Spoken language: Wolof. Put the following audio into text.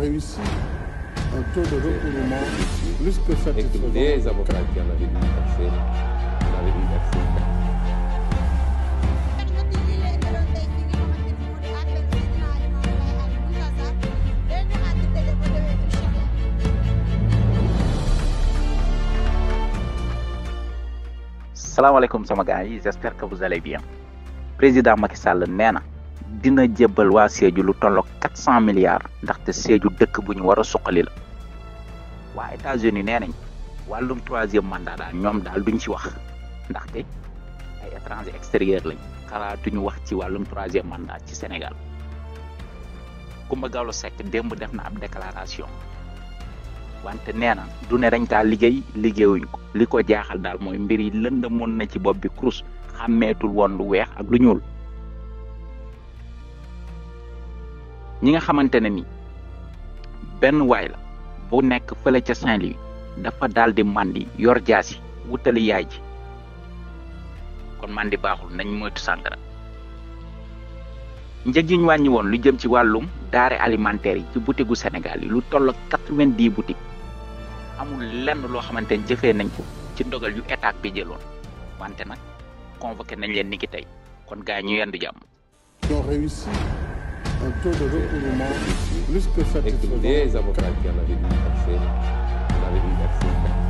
réussi un taux de recouvrement plus que satisfaisant. Et que les avocats qui en avaient dû verser, en avaient dû verser. salaamaaleykum sama gars yi j'espère que vous allez bien président Macky Sall nee na dina jébbal waa Sédhiou lu tolloog quatre cent milliards ndaxte Sédhiou dëkk bu ñu war a suqali la waa États-Unis nee nañ wàllum troisième mandat daal ñoom daal duñ ci wax ndaxte ay étranger extérieur lañ xalaatuñu wax ci wàllum troisième mandat ci Sénégal Coumba Gawlo Seck démb def na ab déclaration wante nee na du ne dañ kaa liggéey liggéeyuñ ko li ko jaaxal daal mooy mbir yi lënd lëndamoon na ci bopp bi kurus xàmmeetul woon lu weex ak lu ñuul. ñi nga xamante ne ni benn waay la bu nekk fële ca Saint-Louis dafa daal di màndi yor jaas yi wutali yaay ji kon màndi baaxul nañ moytu sàngara njëg yi ñu wàññi woon lu jëm ci wàllum daare alimentaire yi ci boutique gu Sénégal yi lu toll quatre-vingt-dix boutiques amul lenn loo xamante ne jëfee nañ ko ci ndogal yu état bi jëloon wante nag convoqué nañ leen ni ki tey kon gars yi ñu jàmm. un taux de recouvrement plus que satisfaisant. Et que les avocats qui en avaient dû verser, en avaient dû verser.